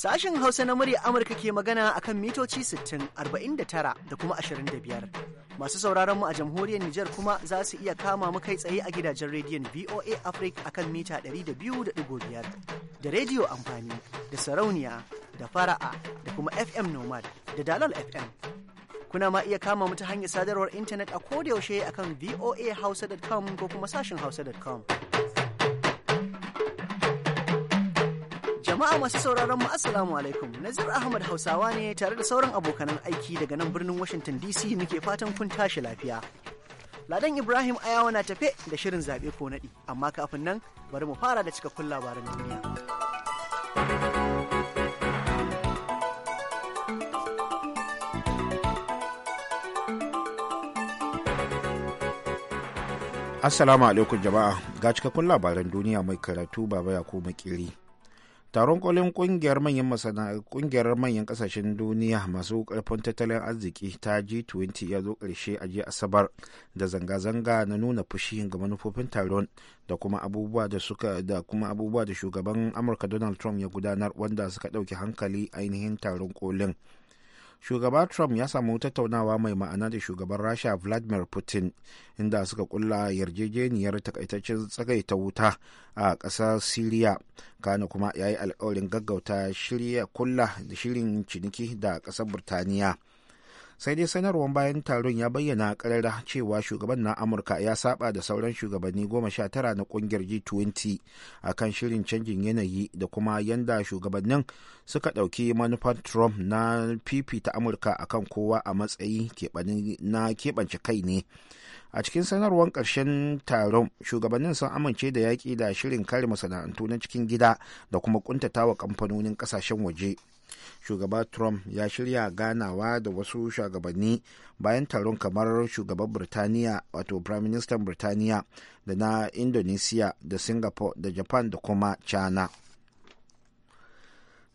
Sashen Hausa na murya Amurka ke magana akan mitoci 60, 49 da kuma 25. Masu sauraron mu a jamhuriyar Nijar kuma za su iya kama mu kai tsaye a gidajen rediyon VOA Africa akan mita 200.5 da rediyo amfani da sarauniya da fara'a da kuma FM Nomad da Dalal FM. kuna ma iya kama mu ta hanyar sadarwar intanet a kodayaushe akan voahausa.com ko kuma sashen hausa.com. Jama'a masu sauraron mu Assalamu alaikum. Nazir Ahmad Hausawa ne tare da sauran abokanan aiki daga nan birnin Washington DC muke fatan kun tashi lafiya. Ladan Ibrahim Ayawa na tafe da shirin zaɓe ko naɗi, amma kafin nan bari mu fara da cikakkun labaran duniya. Assalamu alaikum jama'a ga cikakkun labaran duniya mai karatu baba ya kuma kiri. Taron kolin kungiyar manyan kungiyar manyan kasashen duniya masu karfin tattalin arziki ta G20 ya zo ƙarshe a jiya Asabar da zanga-zanga na nuna fushi ga manufofin taron da kuma abubuwa da suka da kuma abubuwa da shugaban Amurka Donald Trump ya gudanar wanda suka ɗauki hankali ainihin taron kolin. shugaba trump ya samu tattaunawa mai ma'ana da shugaban rasha vladimir putin inda suka kulla yarjejeniyar takaitaccen tsagaita wuta a ƙasar syria kana kuma ya yi alkawarin gaggauta shirya kulla da shirin ciniki da ƙasar burtaniya sai dai sanarwar bayan taron ya bayyana karara cewa shugaban na amurka ya saba da sauran shugabanni goma sha tara na kungiyar g20 a kan shirin canjin yanayi da kuma yanda shugabannin suka ɗauki manufar trump na fifita amurka akan kowa a matsayi na keɓance kai ne a cikin sanarwar karshen taron shugabannin sun amince da yaƙi da shirin kare masana'antu na cikin gida da kuma wa kamfanonin ƙasashen waje shugaba trump ya shirya ganawa da wasu shugabanni bayan taron kamar shugaban birtaniya wato prime minister birtaniya da na indonesia da singapore da japan da kuma china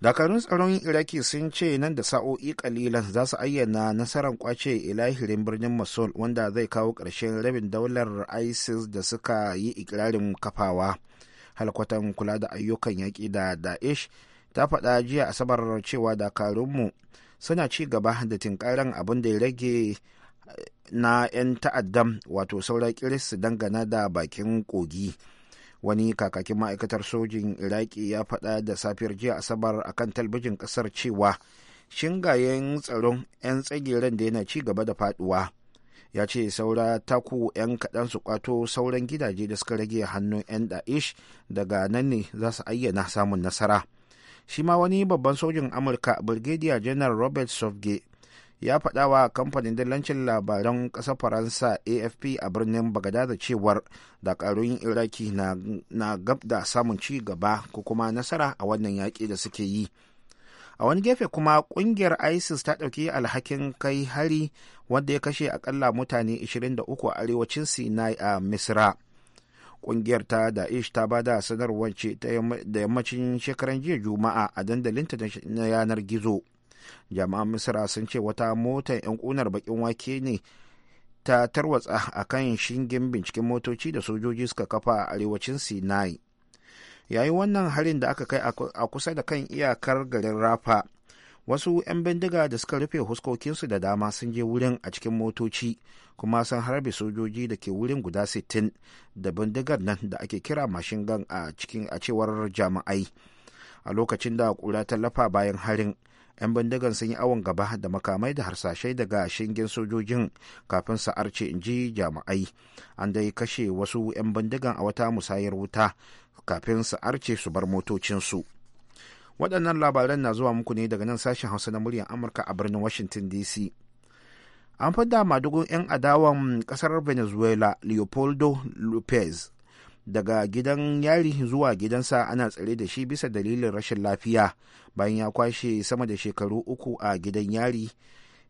dakarun tsaron iraki sun ce nan da sa'o'i kalilan za su ayyana nasarar kwace ilahirin birnin mosul wanda zai kawo ƙarshen rabin daular isis da suka yi ikirarin kafawa halkwatan kula da ayyukan yaƙi da daesh ta faɗa jiya asabar cewa dakarunmu suna ci gaba da tinkarin abin da ya rage eh, na 'yan ta'addam wato sauran kiris dangane dangana da bakin kogi wani kakakin ma'aikatar sojin iraki ya faɗa da safiyar jiya asabar a kan talbijin ƙasar cewa shingayen tsaron 'yan tsagiran da yana ci gaba da faduwa ya ce saura taku 'yan kaɗan su kwato sauran gidaje da suka rage hannun 'yan da'ish daga nan ne za su ayyana samun nasara shi ma wani babban sojin amurka brigadier general robert sofge ya faɗa wa kamfanin dillancin labaran ƙasar faransa afp a birnin da cewar dakarun iraki na gab da samun ci gaba ko kuma nasara a wannan yaƙi da suke yi a wani gefe kuma ƙungiyar isis ta ɗauki alhakin kai hari wanda ya kashe akalla mutane 23 a arewacin sinai a misra kungiyar ta da'ish ta ba da sanarwar ce da yammacin shekaran jiya juma'a a dandalinta na yanar gizo jami'an misira sun ce wata mota 'yan kunar bakin wake ne ta tarwatsa a kan shingen binciken motoci da sojoji suka kafa a arewacin sinai yayi wannan harin da aka kai a kusa da kan iyakar garin rafa wasu 'yan bindiga da suka rufe huskokinsu da dama sun je wurin a cikin motoci kuma sun harbe sojoji da ke wurin guda 60 da bindigar nan da ake kira mashin gan a cikin a cewar jami'ai a lokacin da kura tallafa bayan harin 'yan bindigan sun yi awon gaba da makamai da harsashai daga shingen sojojin kafin su arce in ji jami'ai an dai kashe wasu 'yan bindigan a wata musayar wuta kafin su arce su bar motocinsu waɗannan labaran na zuwa muku ne daga nan sashen hausa na muryar amurka a birnin washington dc an fada madugun 'yan adawan kasar venezuela leopoldo lopez daga gidan yari zuwa gidansa ana tsare da shi bisa dalilin rashin lafiya bayan ya kwashe sama da shekaru uku a gidan yari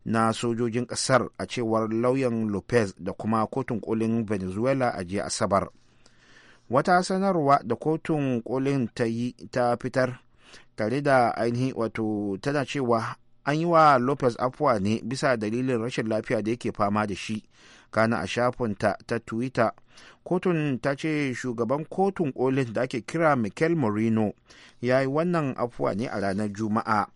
na sojojin kasar a cewar lauyan lopez da kuma kotun kolin venezuela a jiya asabar wata sanarwa da kotun kolin ta yi ta fitar tare da ainihin wato tana cewa an yi wa lopez afuwa ne bisa dalilin rashin lafiya da yake fama da shi kana a shafin ta ta twitter kotun ta ce shugaban kotun kolin da ake kira mikel moreno ya yi wannan afuwa ne a ranar juma'a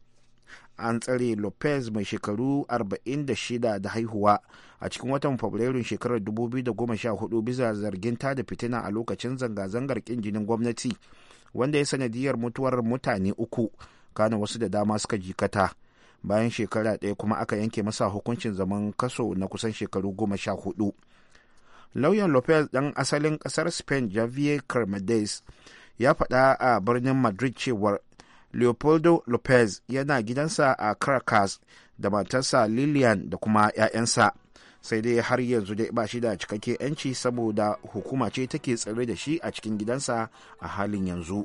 an tsare lopez mai shekaru 46 da haihuwa a cikin watan fabrairun shekarar 2014 bisa zargin ta da fitina a lokacin zanga-zangar kin jinin gwamnati wanda ya sanadiyar mutuwar mutane uku kana wasu da dama suka jikata bayan shekara ɗaya kuma aka yanke masa hukuncin zaman kaso na kusan shekaru goma sha hudu lauyan lopez ɗan asalin ƙasar spain javier carmades ya faɗa a birnin madrid cewar leopoldo lopez yana gidansa a caracas da matarsa lilian da kuma 'ya'yansa sai dai har yanzu dai ba shi da cikakke 'yanci saboda hukuma ce take tsare da shi a cikin gidansa a halin yanzu.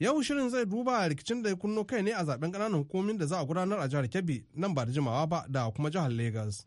Yau shirin zai duba rikicin da ya kunno kai ne a zaben ƙananan hukumomin da za a gudanar a jihar Kebbi nan ba da jimawa ba da kuma jihar Legas.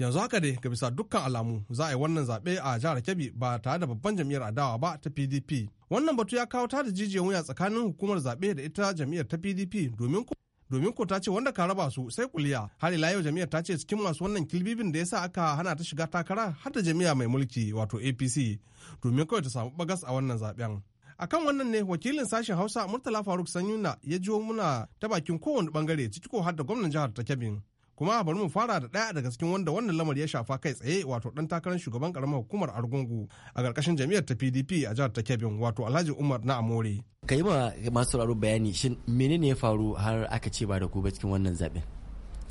Yanzu haka dai ga bisa dukkan alamu za a yi wannan zaɓe a jihar Kebbi ba tare da babban jam'iyyar adawa ba ta PDP. Wannan batu ya kawo tada jijiyar wuya tsakanin hukumar zaɓe da ita jam'iyyar ta PDP domin domin ko ta ce wanda ka raba su sai kuliya har ila yau jami'ar ta ce cikin masu wannan kilbibin da ya sa aka hana ta shiga takara har da jami'a mai mulki wato APC domin kawai ta samu bagas a wannan zaben akan wannan ne wakilin sashen hausa murtala faruk sanyuna ya jiwo muna ta bakin kowane bangare ciki ko har da gwamnan jihar ta kebin kuma bari mu fara da ɗaya daga cikin wanda wannan lamari ya shafa kai tsaye wato ɗan takarar shugaban karamar hukumar argungu a ƙarƙashin jami'ar ta pdp a jihar ta kebin wato alhaji umar na amore ka yi ma masu sauraro bayani shin menene ya faru har aka ce ba da ku ba cikin wannan zaɓen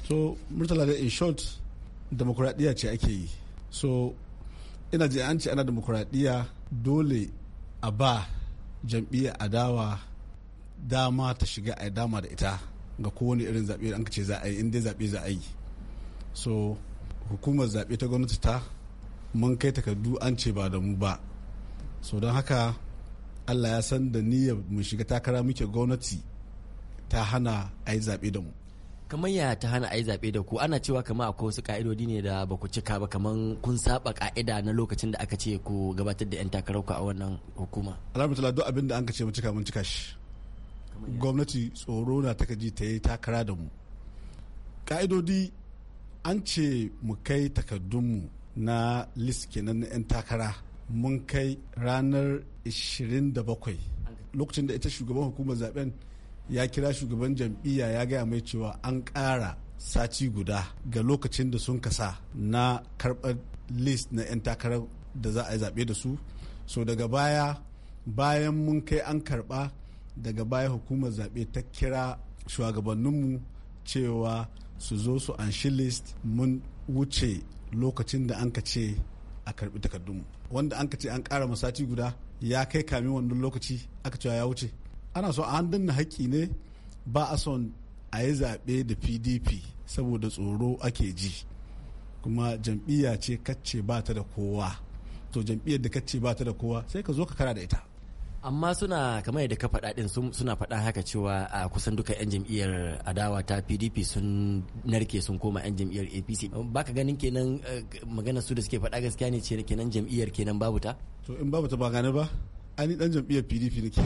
so murtala da in short demokuraɗiyya ce ake yi so ina ji an ce ana demokuraɗiyya dole a ba jam'iyyar dawa dama ta shiga a dama da ita ga kowane irin zaɓe an ce za a yi inda zaɓe za a yi so hukumar zaɓe ta gwamnati ta mun kai takardu an ce ba da mu ba so don haka allah ya san da niyyar mu shiga takara muke gwamnati ta hana a yi zaɓe da mu kamar ya ta hana ayi zabe da ku ana cewa kamar akwai wasu ka'idodi ne da ba ku cika ba kamar kun saba ka'ida na lokacin da aka ce ku gabatar da 'yan takarar ku a wannan hukuma alhamdulillah duk abin da an ka ce mu cika mun cika shi gwamnati tsoro na ta kaji ta yi takara da mu ka'idodi an ce mu kai takardunmu na list kenan na 'yan takara mun kai ranar 27 lokacin da ita shugaban hukumar zaben ya kira shugaban jam'iyya ya gaya mai cewa an ƙara sati guda ga lokacin da sun kasa na karɓar list na 'yan takarar da za a yi zaɓe da su so daga baya bayan mun kai an karɓa daga baya hukumar zaɓe ta kira shugabanninmu cewa su zo su anshi list mun wuce lokacin da an ka ce a karɓi takardunmu wanda an ka ce an ƙara sati guda ya kai kamin wannan lokaci aka cewa ya wuce ana so an danna haƙƙi ne ba a son a yi zaɓe da pdp saboda tsoro ake ji kuma jam'iyya ce kacce ba ta da kowa to jam'iyyar da kacce ba ta da kowa sai ka zo ka kara da ita amma suna kamar yadda ka faɗa ɗin suna faɗa haka cewa a kusan duka 'yan jam'iyyar adawa ta pdp sun narke sun koma 'yan jam'iyyar apc baka ganin kenan eh, magana su da suke faɗa gaskiya ne ce kenan jam'iyyar kenan babu ta to in babu ta ba gane ba ani dan jam'iyyar pdp nake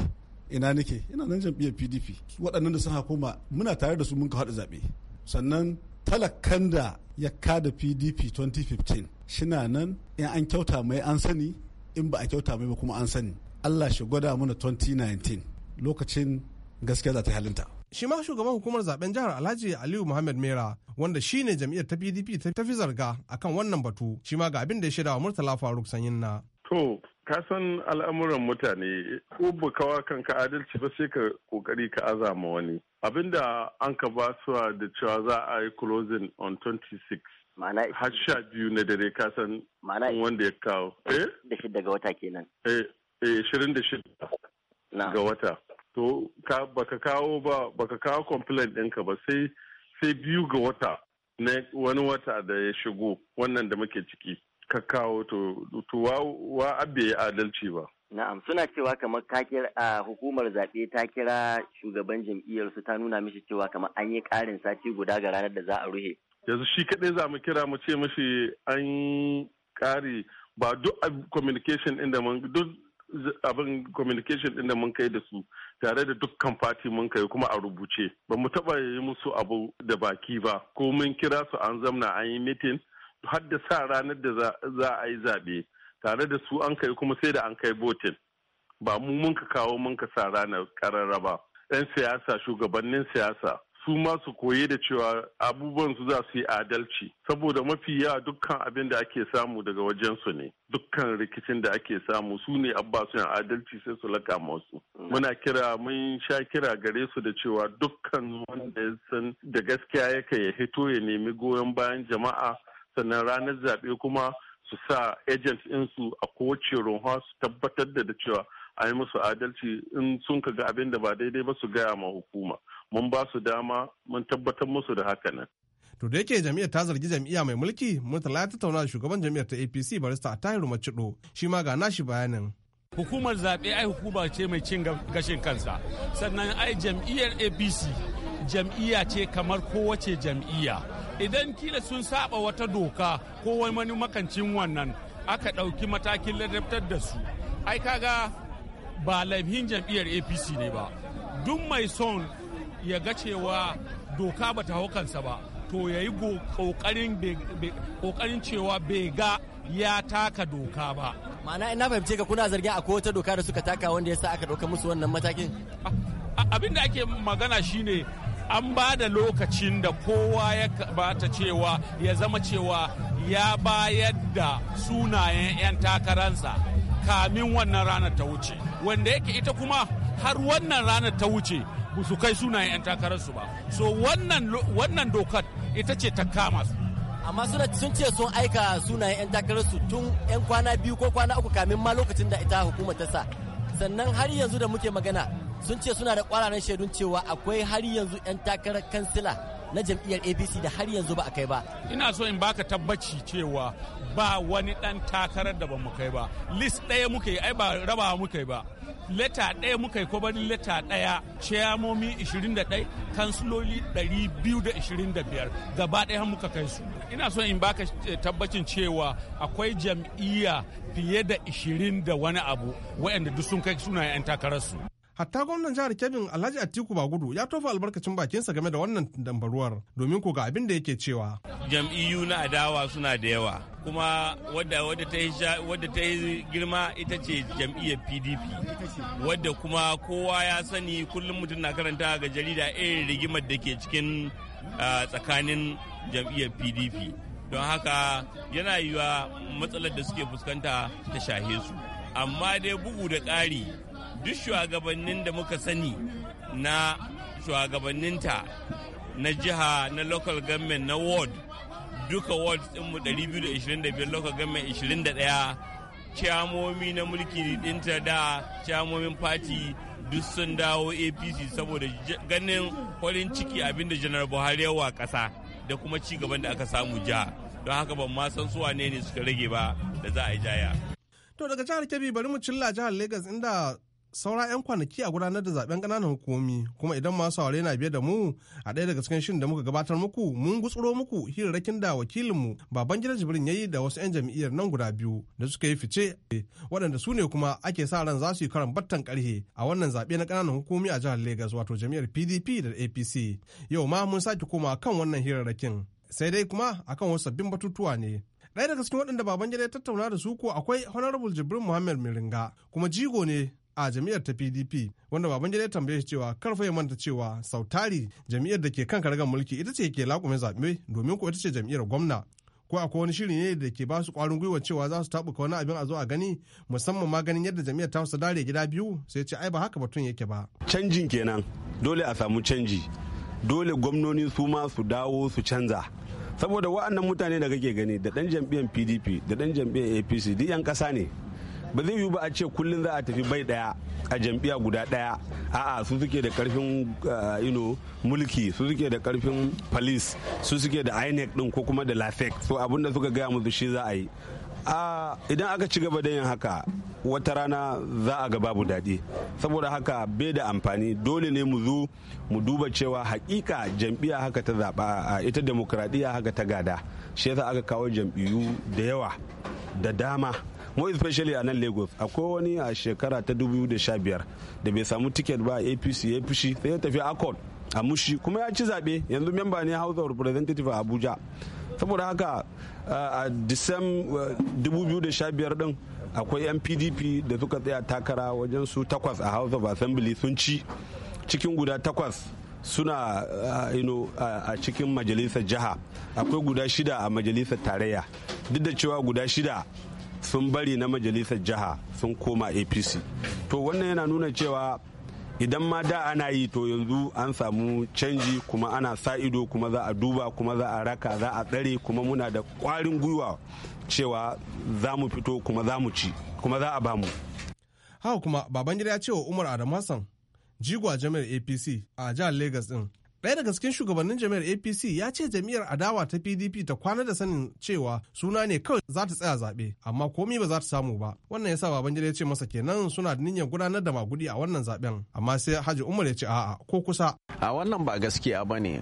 ina nake ina nan jam'iyyar pdp waɗannan da sun koma muna tare da su mun ka haɗa zaɓe sannan talakan da ya kada pdp 2015 shina nan in an kyauta mai an sani in ba a kyauta mai ba kuma an sani allah shi gwada mana 2019 lokacin gaskiya za ta halinta shi ma shugaban hukumar zaben jihar alhaji aliyu muhammad mera wanda shi ne jam'iyyar ta pdp ta fi zarga akan wannan batu shi ma ga abin da ya shaida wa murtala faruk sanyin na to ka san al'amuran mutane ko ba kawa kanka adalci ba sai ka kokari ka azama wani abinda an ka ba suwa da cewa za a yi closing on 26 har sha biyu na dare ka san wanda ya kawo eh da shida ga wata kenan eh eh 26 ga wata to ka baka kawo ba baka kawo complaint ɗinka ba sai sai biyu ga wata na wani wata da ya shigo wannan da muke ciki ka kawo to wa wa abbe adalci ba na'am suna cewa kamar ka a hukumar zaɓe ta kira shugaban jam'iyyar su ta nuna mishi cewa kamar an yi ƙarin sati guda ga ranar da za a ruhe yanzu shi kaɗai za mu kira mu ce mishi an ƙari ba duk communication inda mun duk abin communication din da mun kai da su tare da dukkan fati mun kai kuma a rubuce ba mu taba yi musu abu da baki ba ko mun kira su an zamna an yi meeting har da sa ranar da za a yi zaɓe tare da su an kai kuma sai da an kai botin ba mu mun ka kawo mun ka sa ranar kararra ba 'yan siyasa shugabannin siyasa su ma su koye da cewa abubuwan su za su yi adalci saboda mafi yawa dukkan abin da ake samu daga wajensu ne dukkan rikicin da ake samu su ne abba su adalci sai su laka masu mm. muna kira mun sha kira gare su da cewa dukkan wanda ya san da gaskiya yake ya hito ya nemi goyon bayan jama'a sannan ranar zaɓe kuma su sa agent su a kowace runwa su tabbatar da cewa a yi musu adalci in sun ka ga abin da ba daidai ba su gaya ma hukuma mun ba su dama mun tabbatar musu da haka nan. to da yake jam'iyyar ta zargi jam'iyya mai mulki murtala ya tattauna da shugaban jam'iyyar ta apc barista a tahiru macido shi ma ga nashi bayanin hukumar zaɓe ai hukuma ce mai cin gashin kansa sannan ai jam'iyyar apc jam'iyya ce kamar kowace jam'iyya idan kila sun saba wata doka ko wani makancin wannan aka ɗauki matakin ladabtar da su ai kaga ba laifin jam'iyyar apc ne ba duk mai son ya ga cewa doka ba ta ba to ya yi kokarin cewa bai ga ya taka doka ba ma'ana ina fahimce ka kuna zargin a wata doka da suka taka wanda ya sa aka ɗauka musu wannan matakin abin da ake magana shine an ba da lokacin da kowa ya bata cewa ya zama cewa ya bayar da sunayen 'yan takararsa kamin wannan ranar ta wuce wanda yake ita kuma har wannan ranar ta wuce su kai sunayen 'yan takararsu ba so wannan dokar ita ce ta kama su amma suna sun ce sun aika sunayen 'yan takararsu tun 'yan kwana biyu ko kwana uku kamin ma lokacin da ita hukumar ta sa sannan har yanzu da muke magana sun ce suna da kwararan shaidun cewa akwai har yanzu 'yan takarar kansila na jam'iyyar apc da har yanzu ba a kai ba ina so in baka tabbaci cewa ba wani dan takarar da ba mu kai ba list ɗaya muka yi ai ba raba muka yi ba leta ɗaya muka yi kwabarin leta ɗaya ciyamomi 21 kansiloli 225 gaba ɗaya muka kai su ina so in baka eh, tabbacin cewa akwai jam'iyya fiye da 20 da wani abu waɗanda duk sun kai suna 'yan takararsu hatta gwamnan jihar kebin alhaji atiku bagudu ya tofa albarkacin bakinsa game da wannan dambaruwar domin ko ga abin da yake cewa jam'iyyu na adawa suna da yawa kuma wadda wadda ta yi girma ita ce jam'iyyar pdp wadda kuma kowa ya sani kullum mutum na karanta ga jarida irin rigimar da ke cikin tsakanin jam'iyyar pdp don haka yana yiwa matsalar da suke fuskanta ta shahe su amma dai bugu da ƙari duk shugabannin da muka sani na shugabanninta na jiha na local government na ward duka ward mu 225 local government 21 ciyamomi na mulki ta da ciyamomin party duk sun dawo apc saboda ganin farin ciki abinda janar buhari yawa ƙasa da kuma ci gaban da aka samu ja don haka ban ma san su wane ne suka rage ba da za a yi jaya to daga jihar kebbi bari mu cilla jihar lagos inda saura 'yan kwanaki a gudanar da zaben ƙananan hukumomi kuma idan masu aure na biye da mu a ɗaya daga cikin shirin da muka gabatar muku mun gutsuro muku hirarrakin da wakilinmu baban gidan jibrin ya yi da wasu 'yan jam'iyyar nan guda biyu da suka yi fice waɗanda su ne kuma ake sa ran za su yi karan battan ƙarhe a wannan zaɓe na ƙananan hukumi a jihar Legas wato jam'iyyar PDP da APC yau ma mun sake koma kan wannan hirarrakin sai dai kuma akan wasu sabbin batutuwa ne ɗaya daga cikin waɗanda baban gida ya tattauna da su ko akwai honorable jibrin muhammad miringa kuma jigo ne a jam'iyyar ta pdp wanda babangida ya tambaye shi cewa karfa ya manta cewa sautari jam'iyyar da ke kan kargan mulki ita ce ke lakumin zaɓe domin ko ita ce jam'iyyar gwamna ko akwai wani shiri ne da ke ba su ƙwarin gwiwa cewa za su taɓuka wani abin a zo a gani musamman ma ganin yadda jam'iyyar ta su dare gida biyu sai ce ai ba haka batun yake ba canjin kenan dole a samu canji dole gwamnoni su ma su dawo su canza saboda wa'annan mutane da kake gani da ɗan jam'iyyar pdp da ɗan jam'iyyar apc duk 'yan ƙasa ne ba zai yiwu ba a ce kullum za a tafi bai daya a jam'iyya guda daya a'a su suke da karfin ino uh, mulki su suke da karfin police su suke da inec din ko kuma da lafek so da suka gaya musu shi za a yi idan aka ci gaba da yin haka wata rana za a ga babu daɗi saboda haka bai da amfani dole ne mu zo mu duba cewa hakika jam'iyya haka ta zaɓa ita demokradiyya haka ta gada shi yasa aka kawo jam'iyyu da yawa da dama mu especially a nan lagos akwai wani a shekara ta 2015 da bai samu ticket ba apc ya fushi sai ya tafi accord a mushi kuma ya ci zaɓe yanzu memba ne house of representative a abuja saboda haka a disam 2015 din akwai yan pdp da suka tsaya takara wajen su takwas a house of assembly sun ci cikin guda takwas suna a cikin majalisar jiha akwai guda shida a majalisar tarayya duk da cewa guda shida sun bari na majalisar jiha sun koma apc to wannan yana nuna cewa idan ma da ana yi to yanzu an samu canji kuma ana sa ido kuma za a duba kuma za a raka za a tsare kuma muna da kwarin gwiwa cewa za mu fito kuma za mu ci kuma za a ba mu haka kuma babangida ya ce wa umar adamu hassan jigwa jami'ar apc a jihar lagos din Ɗaya daga cikin shugabannin jami'ar APC ya ce jami'ar adawa ta PDP ta kwana da sanin cewa suna ne kawai za ta tsaya zaɓe amma komi ba za ta samu ba. Wannan ya sa Babangida ya ce masa kenan suna da niyyar gudanar da magudi a wannan zaɓen amma sai Haji Umar ya ce a'a ko kusa. A wannan ba gaskiya ba ne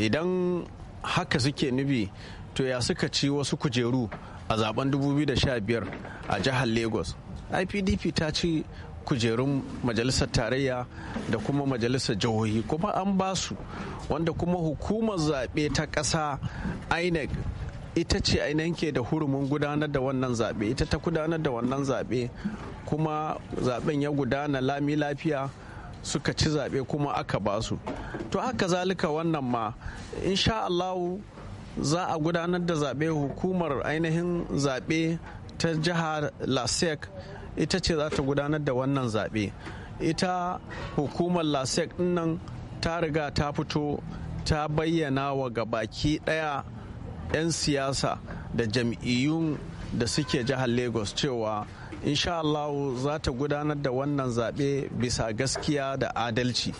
idan haka suke nubi to ya suka ci wasu kujeru a zaben 2015 a jihar Lagos. IPDP ta ci kujerun majalisar tarayya da kuma majalisar jihohi kuma an ba su wanda kuma hukumar zaɓe ta ƙasa inec ita ce ainihin ke da hurumin gudanar da wannan zaɓe ita ta gudanar da wannan zaɓe kuma zaɓen ya gudana lami lafiya suka ci zaɓe kuma aka ba su to haka zalika wannan ma insha allahu za a gudanar da zaɓe hukumar ainihin zaɓe ta jihar lasek ita ce za ta gudanar da wannan zaɓe ita hukumar lasek nan ta riga ta fito ta bayyana wa ga baki ɗaya 'yan siyasa da jam'iyyun da suke jihar lagos cewa insha Allah za ta gudanar da wannan zaɓe bisa gaskiya da adalci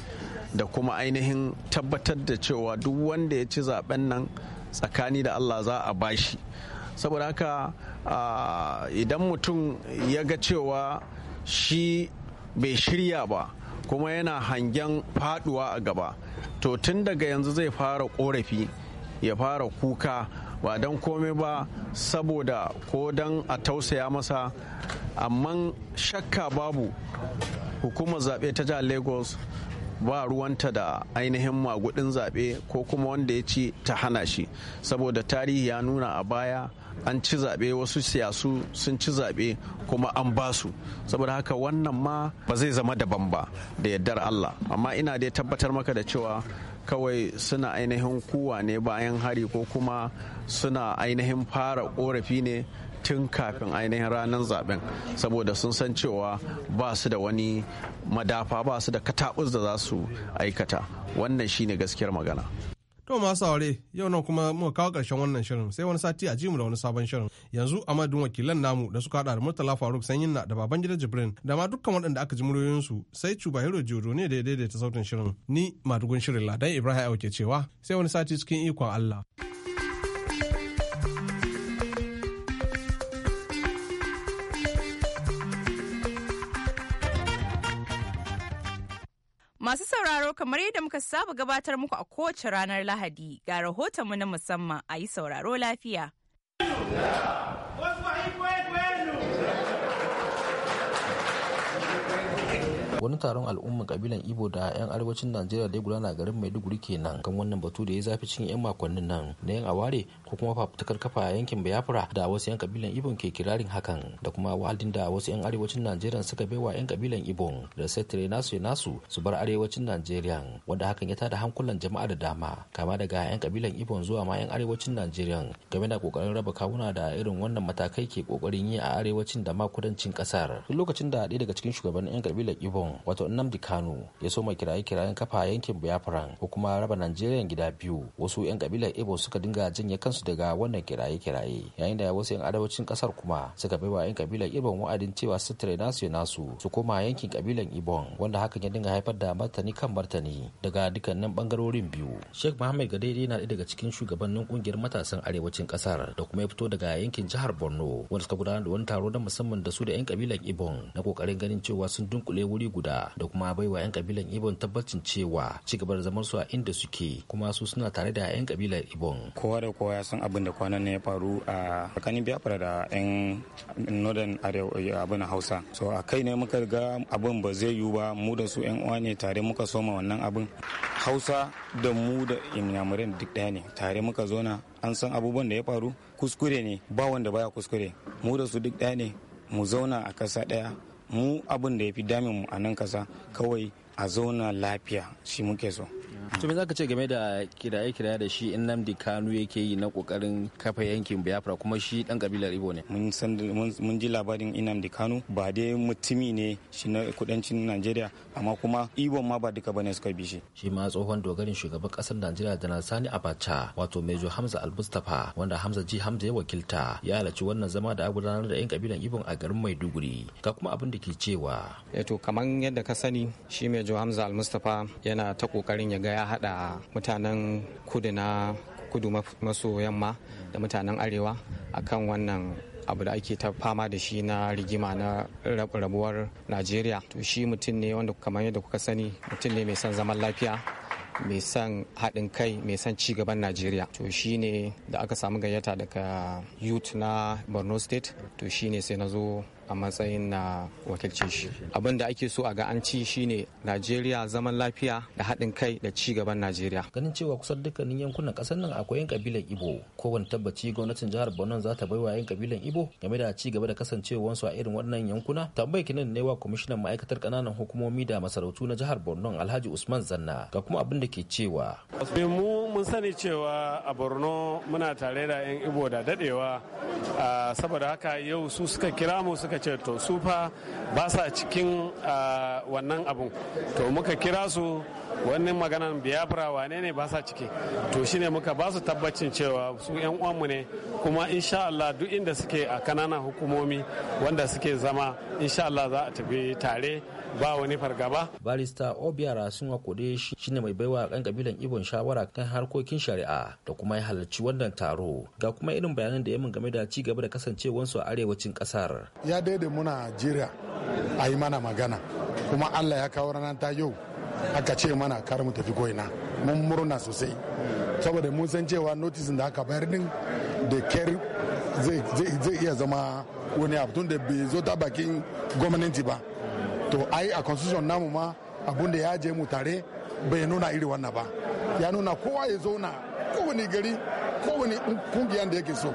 da kuma ainihin tabbatar da cewa duk wanda ya ci zaɓen nan tsakani da allah za a bashi. saboda haka idan mutum ya ga cewa shi bai shirya ba kuma yana hangen faduwa a gaba to tun daga yanzu zai fara korafi ya fara kuka ba don komai ba saboda ko don a tausaya masa amma shakka babu hukumar zaɓe ta jihar lagos ba ruwanta da ainihin magudin zaɓe ko kuma wanda ya ci ta hana shi saboda tarihi ya nuna a baya an ci zaɓe wasu siyasu sun ci zaɓe kuma an ba su saboda haka wannan ma ba zai zama daban ba da yardar allah amma ina dai tabbatar maka da cewa kawai suna ainihin kuwa ne bayan hari ko kuma suna ainihin fara korafi ne tun kafin ainihin ranar zaben saboda sun san cewa ba su da wani madafa ba su da kataɓus da za su aikata wannan shine gaskiyar magana To masu aure yau nan kuma muka kawo ƙarshen wannan shirin sai wani sati a jimu da wani sabon shirin yanzu a madadin wakilan namu da suka hada da Murtala Faruk Sanyin na da baban gida Jibrin da ma dukkan waɗanda aka ji su sai Cuba Hero Jodo ne da ya daidaita sautin shirin ni madugun shirin Ladan Ibrahim Auke cewa sai wani sati cikin ikon Allah. Masu sauraro kamar yadda muka saba gabatar muku a kowace ranar Lahadi ga rahotonmu na musamman a yi sauraro lafiya. wani taron al'umman kabilan ibo da 'yan arewacin najeriya da ya gudana garin maiduguri kenan kan wannan batu da ya zafi cikin 'yan makonnin nan na yan aware ko kuma fafutukar kafa yankin biafra da wasu 'yan kabilan ibon ke kirarin hakan da kuma wahalin da wasu 'yan arewacin najeriya suka wa 'yan kabilan ibon da settire nasu ya nasu su bar arewacin najeriya wanda hakan ya tada hankulan jama'a da dama kama daga 'yan kabilan ibon zuwa ma 'yan arewacin najeriya game da kokarin raba kawuna da irin wannan matakai ke kokarin yi a arewacin da ma kudancin kasar lokacin da ɗaya daga cikin shugaban 'yan kabilan ibon wato Nnamdi Kano ya soma kiraye-kirayen kafa yankin Biafran ko kuma raba Najeriya gida biyu wasu 'yan kabilar Ibo suka dinga janye kansu daga wannan kiraye-kiraye yayin da wasu 'yan arewacin kasar kuma suka bai wa 'yan kabilar Ibon wa'adin cewa su tare nasu ya nasu su koma yankin kabilan Ibon wanda hakan ya dinga haifar da martani kan martani daga dukkanin bangarorin biyu Sheikh Muhammad Gadede na daga cikin shugabannin kungiyar matasan arewacin kasar da kuma ya fito daga yankin jihar Borno wanda suka gudanar da wani taro na musamman da su da 'yan kabilan Ibon na kokarin ganin cewa sun dunkule wuri guda guda da kuma baiwa 'yan kabilan ibon tabbacin cewa ci gaba da zaman su a inda suke kuma su suna tare da 'yan kabilar ibon kowa da kowa ya san abin da kwanan ne ya faru a tsakanin biafra da 'yan northern abin hausa so a kai ne muka ga abin ba zai yiwu ba mu da su 'yan uwa ne tare muka soma wannan abin hausa da mu da inyamurin duk ɗaya ne tare muka zona an san abubuwan da ya faru kuskure ne ba wanda baya kuskure mu da su duk ɗaya ne mu zauna a ƙasa ɗaya mu abin da ya fi damin mu a nan kasa kawai a zauna lafiya shi muke so to me zaka ce game da kiraye kiraye da shi Nnamdi Kanu yake yi na kokarin kafa yankin Biafra kuma shi dan kabilar ibo ne mun san mun ji labarin Nnamdi Kanu ba dai mutumi ne shi na kudancin Najeriya amma kuma ibon ma ba duka bane suka bi shi shi ma tsohon dogarin shugaban kasar Najeriya da Sani Abacha wato Major Hamza al wanda Hamza Ji Hamza ya wakilta ya halarci wannan zama da gudanar da yan kabilan ibon a garin Maiduguri ka kuma abin da ke cewa eh kamar yadda ka sani shi Major Hamza al yana ta kokarin ya gaya. a haɗa mutanen kudu na kudu maso yamma da mutanen arewa akan wannan abu da ake ta fama da shi na rigima na rabuwar najeriya to shi mutum ne wanda kamar yadda kuka sani mutum ne mai son zaman lafiya mai son haɗin kai mai son cigaban najeriya to shi ne da aka samu gayyata daga youth na borno state to shi ne sai na zo a matsayin na wakilci. shi abin da ake so a ga an ci shine najeriya zaman lafiya da haɗin kai da ci gaban najeriya ganin cewa kusan dukkanin yankunan ƙasar nan akwai yan kabilan ibo ko wani tabbaci gwamnatin jihar borno za ta baiwa yan kabilan ibo game da ci gaba da kasancewansu a irin waɗannan yankuna tambayar kinan ne wa kwamishinan ma'aikatar ƙananan hukumomi da masarautu na jihar borno alhaji usman zanna ga kuma abin da ke cewa mu mun sani cewa a borno muna tare da yan ibo da daɗewa saboda haka yau su suka kira mu suka aka ce to su fa ba sa cikin ah, wannan abun to muka kira su wani maganan biyafra wane ne ba sa ciki to shine muka ba su tabbacin cewa su yan uwanmu ne kuma insha Allah duk inda suke a kananan hukumomi wanda suke zama insha Allah za a tafi tare ba wani fargaba. Barista Obiara sun Sunwa shi ne mai baiwa kan kabilan Ibon shawara kan harkokin shari'a da kuma ya halarci wannan taro. Ga kuma irin bayanan da ya mun game da ci gaba da kasancewansu a arewacin kasar. Ya daidai muna jira a yi mana magana kuma Allah ya kawo ranar ta yau aka ce mana kar mu tafi koina mun murna sosai saboda mun san cewa notisin da aka bayar din da ker zai iya zama wani abu tun da bai zo ta bakin gwamnati ba to ai a constitution namu ma abun da ya je mu tare bai nuna iri wannan ba ya nuna kowa ya zauna kowane gari kowane kungiyar da yake so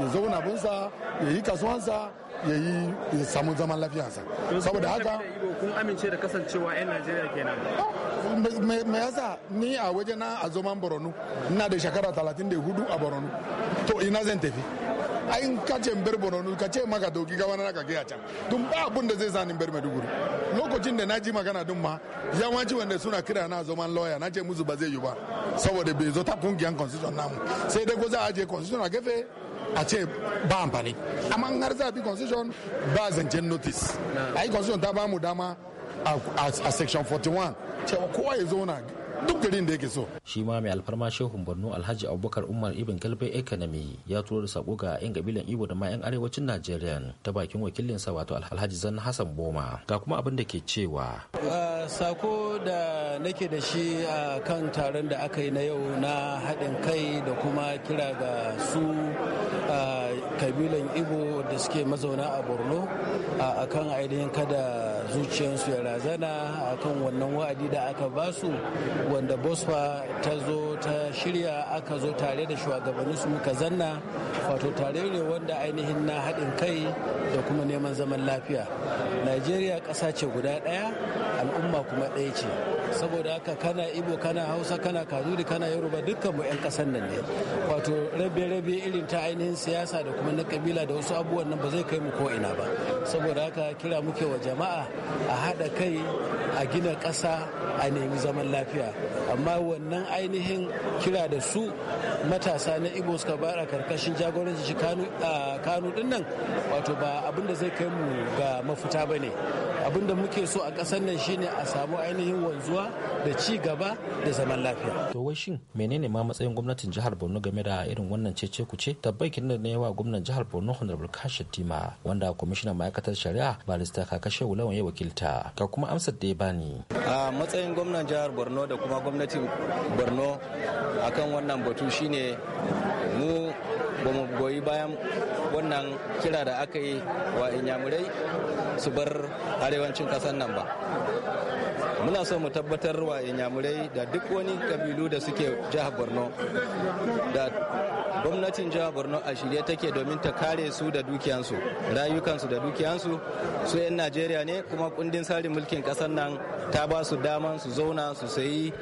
ya zauna bunsa ya yi kasuwansa ya yi ya samu zaman lafiyarsa saboda haka kun amince da kasancewa 'yan najeriya kenan me yasa ni a waje na a zoman borno ina da shekara 34 a borno to ina zan tafi a in ka ce bar borno ka ce maka doki ka wani ka gaya can dun ba abun da zai sa ni bar maiduguri lokacin da na ji magana dun ma yawanci wanda suna kira na zaman lawyer na ce musu ba zai yi ba saboda bai zo ta kungiyan constitution namu sai dai ko za a je constitution a gefe a ce ba amfani amma har za a bi constitution ba zancen notice a constitution ta ba mu dama a section 41 cewa kowa ya zo na duk garin da yake so shi ma mai alfarma shehun borno alhaji abubakar umar ibn galbe economy ya turo da sako ga yan kabilan ibo da ma yan arewacin najeriya ta bakin wakilin sa wato alhaji zan hassan boma ga kuma abin da ke cewa sako da nake da shi a kan taron da aka yi na yau na haɗin kai da kuma kira ga su kabilan igbo da suke mazauna a borno a kan ainihin kada zuciyarsu ya razana a kan wannan wa'adi da aka basu wanda bosfa ta zo ta shirya aka zo tare da shugabannin su muka zanna wato tare ne wanda ainihin na haɗin kai da kuma neman zaman lafiya najeriya ƙasa ce guda ɗaya al'umma kuma ɗaya ce saboda haka kana ibo kana hausa kana kanuri kana yoruba dukkan mu 'yan kasan nan ne wato rabe-rabe irin ta ainihin siyasa da kuma na kabila da wasu abubuwan nan ba zai kai mu ko ina ba saboda haka kira muke wa jama'a a haɗa kai a gina ƙasa a nemi zaman lafiya amma wannan ainihin kira da su matasa na ibo suka bara karkashin jagoranci kanu din nan wato ba abin da zai kai mu ga mafita ba ne abin da muke so a ƙasar nan shine a samu ainihin wanzuwa da ci gaba da zaman lafiya. To wai shin menene ma matsayin gwamnatin jihar Borno game da irin wannan cece kuce Tabbakin da ne wa gwamnan jihar Borno Honorable Kashif Tima wanda kwamishinan ma'aikatar shari'a barista Kakashe Wulawan ya wakilta ka kuma amsar da ya bani. A matsayin gwamnan jihar Borno da kuma gwamnatin Borno akan wannan batu shine mu bamu goyi bayan wannan kira da aka yi wa inyamurai su bar arewacin ƙasar nan ba muna so mu tabbatar wa inyamurai da duk wani kabilu da suke jihar borno da gwamnatin jihar borno a shirye take domin ta kare su da dukiyansu rayukansu da dukiyansu su 'yan najeriya ne kuma kundin tsarin mulkin kasar nan ta ba su daman su zauna su sayi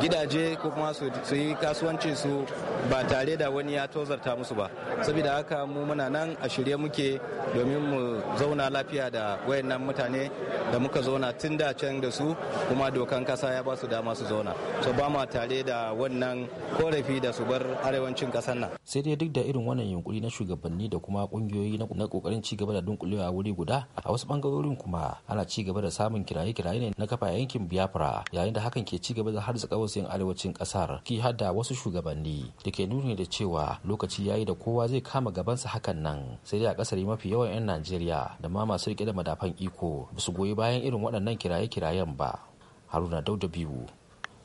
gidaje ko kuma su yi kasuwanci su ba tare da wani ya tozarta musu ba saboda haka mu muna nan a shirye muke domin mu zauna lafiya da wayannan mutane da muka zauna tun da can da su kuma dokan kasa ya ba su dama su zauna so ba ma tare da wannan korafi da su bar arewacin kasar nan sai dai duk da irin wannan yunkuri na shugabanni da kuma kungiyoyi na kokarin ci gaba da dunkulewa wuri guda a wasu bangarorin kuma ana ci gaba da samun kiraye-kiraye ne na kafa yankin biafra yayin da hakan ke ci gaba da harzuka wasu arewacin kasar ki hada wasu shugabanni da ke nuni da cewa lokaci yayi da kowa zai kama gabansa hakan nan sai dai a kasar mafi yawan 'yan najeriya da ma masu rike da madafan iko ba su goyi bayan irin waɗannan kiraye-kirayen ba haruna dauda biyu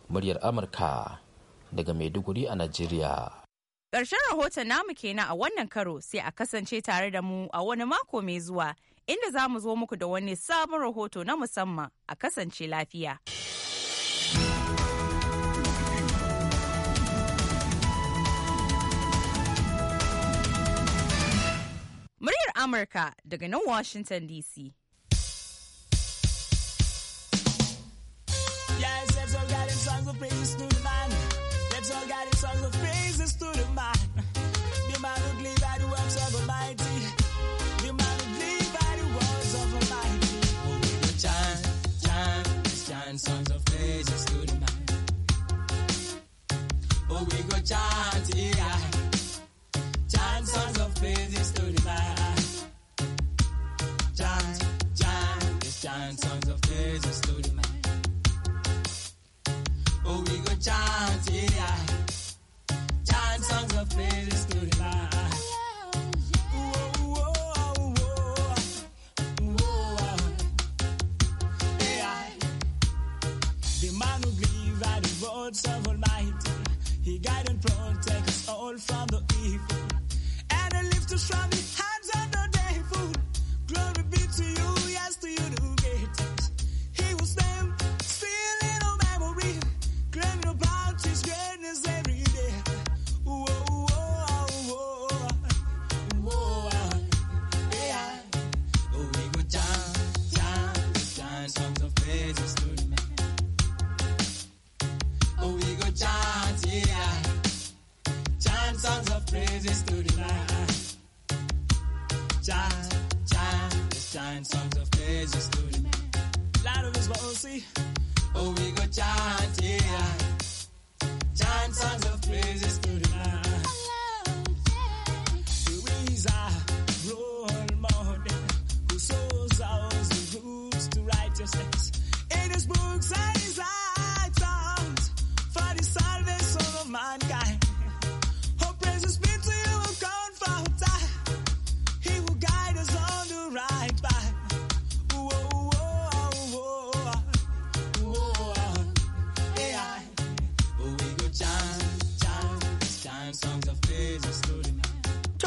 muryar amurka daga maiduguri a najeriya ƙarshen rahoton namu kenan a wannan karo sai a kasance tare da mu a wani mako mai zuwa inda za mu zo muku da wani sabon rahoto na musamman a kasance lafiya. Muryar Amurka daga nan Washington DC. we go chant, yeah. Chant songs of praises to the Lord. Chant, chant, yes, chant songs of praises to the man. Oh, we go chant, yeah. Chant songs of praises to the Lord. people.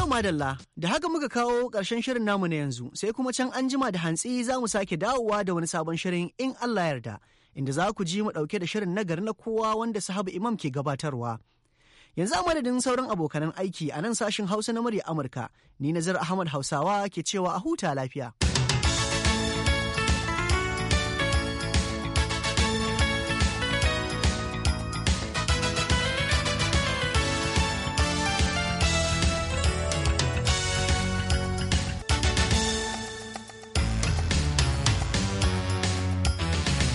Madalla, da haka muka kawo ƙarshen shirin namu na yanzu, sai kuma can anjima da hantsi za mu sake dawowa da wani sabon shirin in Allah yarda. inda za ku ji mu ɗauke da shirin nagari na kowa wanda sahabu imam ke gabatarwa. Yanzu a madadin sauran abokanan aiki a nan sashin Hausa na murya Amurka, ni Nazar Ahmad Hausawa ke cewa a huta lafiya.